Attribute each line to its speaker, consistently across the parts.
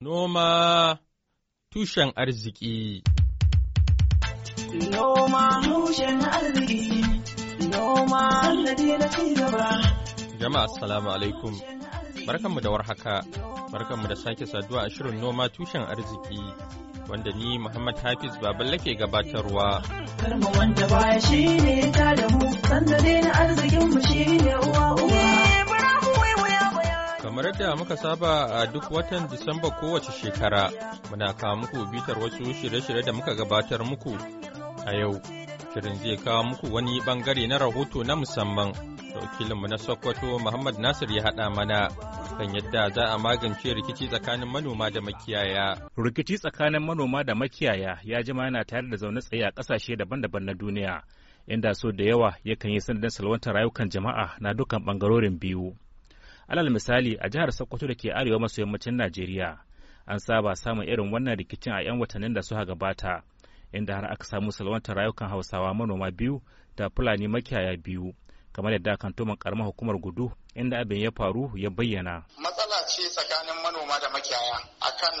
Speaker 1: Noma tushen arziki
Speaker 2: Noma tushen arziki Noma sannadi na gaba.
Speaker 1: Jama'a assalamu alaikum Barkanmu da warhaka Barkanmu da sake saduwa a shirin noma tushen arziki wanda ni Muhammad Hafiz Baballe ke gabatarwa
Speaker 3: Karma wanda baya ne ta da mu sannadi na arzikin mu ne uwa uwa
Speaker 1: kamar yadda muka saba a duk watan Disamba kowace shekara muna kawo muku bitar wasu shirye-shirye da muka gabatar muku a yau. Shirin zai kawo muku wani bangare na rahoto na musamman da wakilinmu na Sokoto Muhammad Nasir ya haɗa mana kan yadda za a magance rikici tsakanin manoma da makiyaya.
Speaker 3: Rikici tsakanin manoma da makiyaya ya jima yana tare da zaune tsaye a ƙasashe daban-daban na duniya. Inda so da yawa yakan yi sanadin salwantar rayukan jama'a na dukkan bangarorin biyu. alal misali a jihar sokoto da ke arewa maso yammacin najeriya an saba samun irin wannan rikicin a 'yan watannin da suka gabata inda har aka samu salwantar rayukan hausawa manoma biyu da fulani makiyaya biyu kamar yadda kan karamar hukumar gudu inda abin ya faru ya bayyana
Speaker 4: makiyaya akan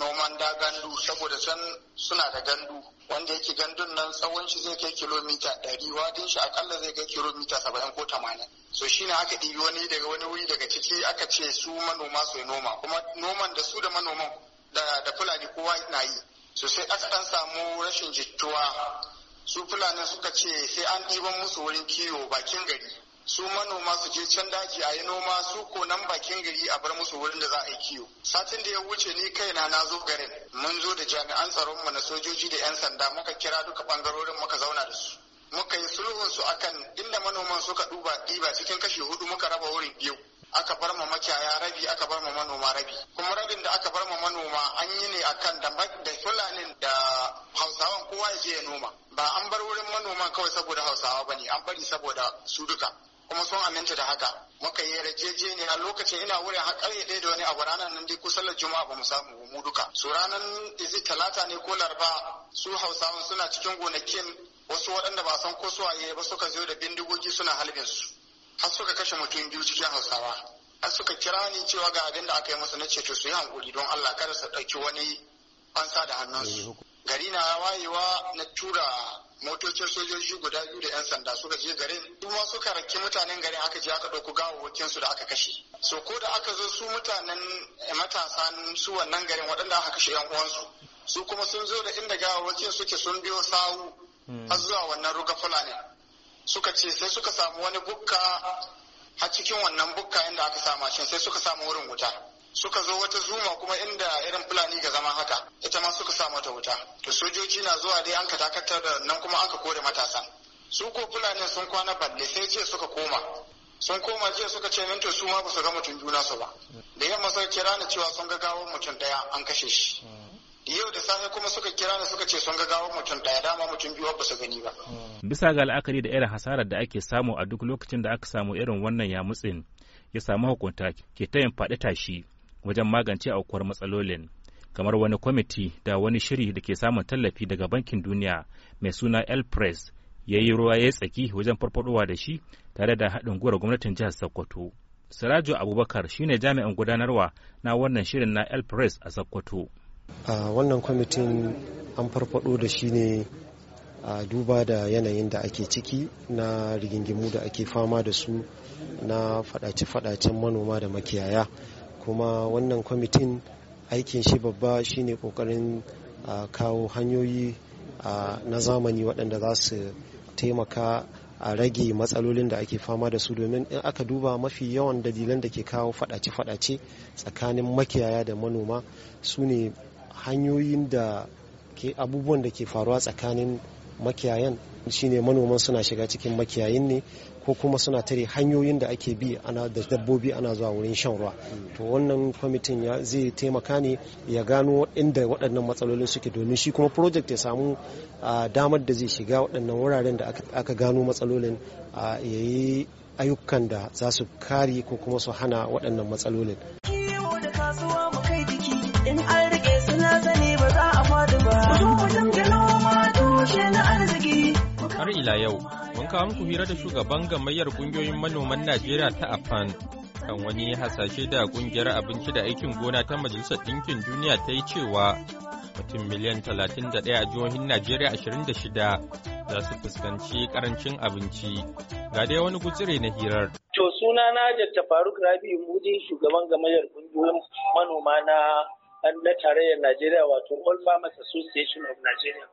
Speaker 4: noman da gandu saboda san suna da gandu wanda yake gandun nan tsawon shi zai kai kilomita ɗari wadin shi akalla zai kai kilomita saba'in ko tamanin so shi ne aka ɗibi wani daga wani wuri daga ciki aka ce su manoma su noma kuma noman da su da manoman da fulani kowa na yi so aka ɗan samu rashin jituwa su fulani suka ce sai an ɗiban musu wurin kiwo bakin gari su manoma su je can daji a yi noma su ko nan bakin gari a bar musu wurin da za a yi kiwo satin da ya wuce ni kai na zo garin mun zo da jami'an tsaron mu na sojoji da 'yan sanda muka kira duka bangarorin muka zauna da su muka yi sulhun su akan inda manoman suka duba ɗiba cikin kashi hudu muka raba wurin biyu aka bar ma makiyaya rabi aka bar ma manoma rabi kuma rabin da aka bar ma manoma an yi ne akan da da fulanin da hausawan kowa ya je ya noma ba an bar wurin manoma kawai saboda hausawa bane an bari saboda su duka kuma sun aminta da haka muka yi yarjejeniya lokacin ina wurin har ƙarfe ɗaya da wani abu ranar nan dai ko da juma'a ba mu samu mu duka su ranar izi talata ne ko laraba su hausawan suna cikin gonakin wasu waɗanda ba san ko su waye ba suka zo da bindigogi suna halbin su har suka kashe mutum biyu cikin hausawa har suka kira ni cewa ga abin da aka yi musu na ceto su yi hankuri don Allah kada su ɗauki wani fansa da hannunsu eh, gari na wayewa na tura motocin sojoji guda biyu da 'yan sanda suka je garin kuma suka raki mutanen garin aka je aka ɗauku gawawwakin su da aka kashe so ko da aka zo su mutanen eh, matasa su wannan garin waɗanda aka kashe 'yan uwansu su kuma sun zo da inda gawawwakin suke sun biyo sawu hmm. har zuwa wannan ruga fulani suka ce sai suka samu wani bukka har cikin wannan bukka inda aka sa mashin sai suka samu wurin wuta suka zo wata zuma kuma inda irin fulani ga zama haka ita ma suka sa mata wuta to sojoji na zuwa dai an ka da nan kuma an kore matasan su ko fulani sun kwana balle sai jiya suka koma sun koma jiya suka ce minto su ma ba ga mutum juna su ba da yamma suka kira ni cewa sun ga gawar mutum daya an kashe shi yau da safe kuma suka kira ni suka ce sun ga gawar mutum daya dama mutum biyu ba su gani ba
Speaker 3: bisa ga la'akari da irin hasarar da ake samu a duk lokacin da aka samu irin wannan yamutsin ya samu hukunta ke ta yin faɗi tashi wajen magance aukuwar matsalolin kamar wani kwamiti da wani shiri da ke samun tallafi daga bankin duniya mai suna el press ya yi ruwa ya tsaki wajen farfadowa da shi tare da haɗin gwiwar gwamnatin jihar sokoto sirajo abubakar shine jami'in gudanarwa na wannan shirin na el press a sokoto
Speaker 5: a wannan kwamitin an farfado da shi ne a duba da yanayin da ake ciki na rigingimu da ake fama da su na fadace-fadacen manoma da makiyaya kuma wannan kwamitin aikin shi babba shine kokarin kawo hanyoyi na zamani waɗanda za su taimaka a rage matsalolin da ake fama da su domin in aka duba mafi yawan dalilan da ke kawo fadace-fadace tsakanin makiyaya da manoma su ne hanyoyin da ke abubuwan da ke faruwa tsakanin makiyayan shine manoman suna shiga cikin makiyayin ne ko kuma suna tare hanyoyin da ake bi ana da dabbobi ana zuwa wurin shan ruwa to wannan kwamitin ya zai taimaka ne ya gano inda waɗannan matsalolin suke domin shi kuma project ya samu damar da zai shiga waɗannan wuraren da aka gano matsalolin ya yi ayyukan da za su kare ko kuma su hana waɗannan matsalolin.
Speaker 4: da kasuwa mu jiki in an rike suna zane ba za a ba.
Speaker 1: ila yau mun kawo muku hira da shugaban gamayyar kungiyoyin manoman Najeriya ta AFAN kan wani hasashe da kungiyar abinci da aikin gona ta Majalisar Dinkin Duniya ta yi cewa mutum miliyan 31 a jihohin Najeriya 26 za su fuskanci karancin abinci. Ga dai wani gutsire na hirar.
Speaker 2: To sunana jatta Faruk Rabi Mudi shugaban gamayyar kungiyoyin manoma na na tarayyar Najeriya wato All Farmers Association of Nigeria.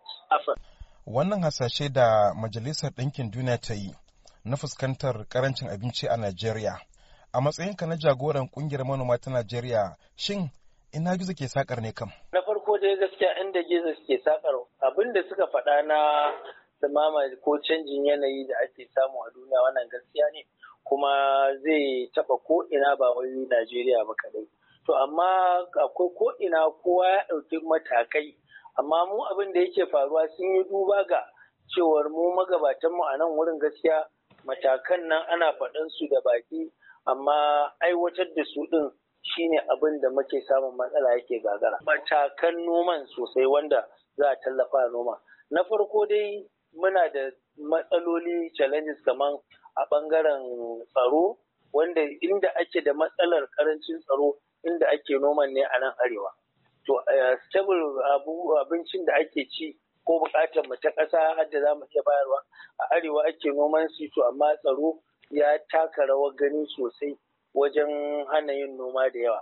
Speaker 3: wannan hasashe da majalisar ɗinkin duniya ta yi na fuskantar karancin abinci a najeriya a matsayinka na jagoran kungiyar manoma ta najeriya shin ina gizo ke sakar ne kam
Speaker 2: na farko dai gaskiya inda gizo ke sakar abin da suka faɗa na samama ko canjin yanayi da ake samu a duniya wannan gaskiya ne kuma zai taɓa ko ina ba wai najeriya ba kadai to amma akwai ko ina kowa ya ɗauki matakai amma mu abin da yake faruwa sun yi duba ga cewar mu magabatanmu a nan wurin gaskiya matakan nan ana faɗan su da baki amma aiwatar da su ɗin shine abin da muke samun matsala yake gagara matakan noman sosai wanda za a tallafa noma na farko dai muna da matsaloli challenges kamar a ɓangaren tsaro wanda inda ake da matsalar karancin tsaro inda ake noman ne a nan arewa to eh, stable abincin da ake ci ko bukatar mu ta ƙasa da za mu iya bayarwa a arewa ake noman su to amma tsaro ya taka rawar gani sosai wajen hana yin noma da yawa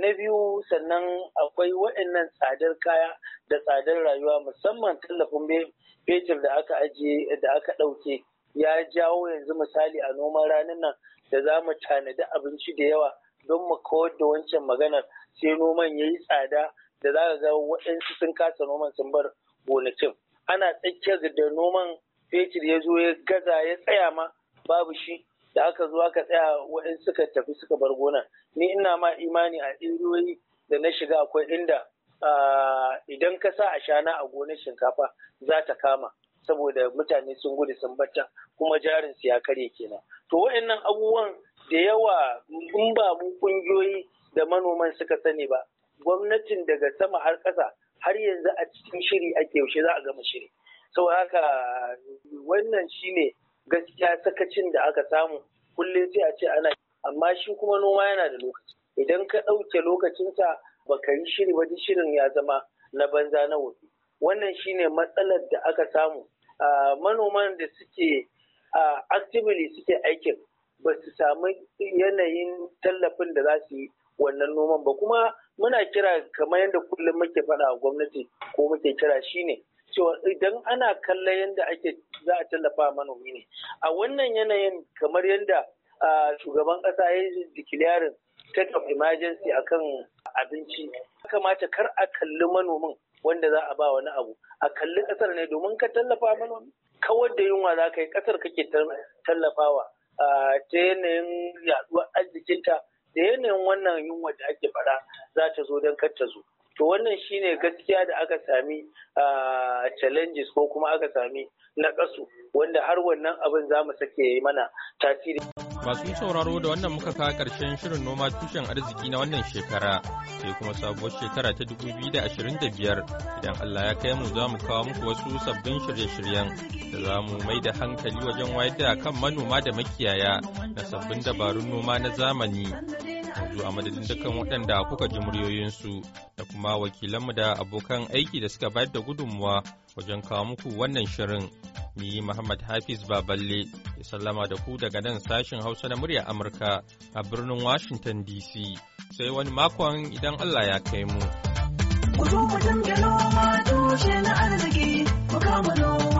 Speaker 2: na biyu sannan akwai waɗannan tsadar kaya da tsadar rayuwa musamman tallafin fetur da aka ajiye da aka ɗauke ya jawo yanzu misali a noman ranar nan da za mu tanadi abinci da yawa don mu kawar da wancan maganar sai noman ya yi tsada da za ka ga waɗansu sun kasa noman sun bar gonakin ana tsakiyar da noman fetur ya zo ya gaza ya tsaya ma babu shi da aka zo aka tsaya waɗansu suka tafi suka bar gona ni ina ma imani a iriyoyi da na shiga akwai inda ah, idan ka sa a ashana a gonar shinkafa za ta kama saboda mutane sun gudu sun bata kuma jarinsu ya karye kenan to waɗannan abubuwan da yawa in ba mu kungiyoyi da manoman suka sani ba gwamnatin daga sama har ƙasa har yanzu a cikin shiri ake yaushe za a gama shiri sau haka wannan shi ne gaskiya sakacin da aka samu kullum sai a ce ana amma shi kuma noma yana da lokaci idan ka ɗauke lokacinsa baka yi shiri wajen shirin ya zama na banza na wofi wannan shi ne matsalar da aka samu ah, manoman da suke ah, actively suke aikin ba su samu yanayin tallafin da za su yi wannan noman ba kuma muna kira kamar yadda kullum muke faɗa a gwamnati ko muke kira shi ne. cewa idan ana kallon yadda ake za a tallafa manomi ne a wannan yanayin kamar yadda shugaban ƙasa ya yi declaring state of emergency akan abinci kamata kar a kalli manomin wanda za a ba wani abu a kalli ƙasar ne domin ka tallafa manomi kawar da yunwa za ka yi ƙasar kake tallafawa ta yanayin yaduwar arzikinta da yanayin wannan yunwa da ake fara za ta zo don kar ta zo to wannan shine gaskiya da aka sami challenges ko kuma aka sami na wanda har wannan abin za mu sake mana tasiri.
Speaker 3: Masu
Speaker 1: sauraro da wannan muka kawo ƙarshen shirin noma tushen arziki na wannan shekara sai kuma sabuwar shekara ta 2025 idan Allah ya kai mu za mu kawo muku wasu sabbin shirye-shiryen da za mu mai da hankali wajen wayar da kan manoma da makiyaya na sabbin dabarun noma na zamani.
Speaker 3: Yanzu a madadin dukkan
Speaker 1: waɗanda kuka ji muryoyinsu da kuma wakilanmu da abokan aiki da suka bayar da gudunmuwa wajen kawo muku wannan shirin ni Muhammad Hafiz Baballe ya sallama da ku daga nan sashin Hausa na murya Amurka a birnin Washington DC sai wani makon idan Allah ya kai mu.
Speaker 3: Ku zo mu na arziki, mu kama noma.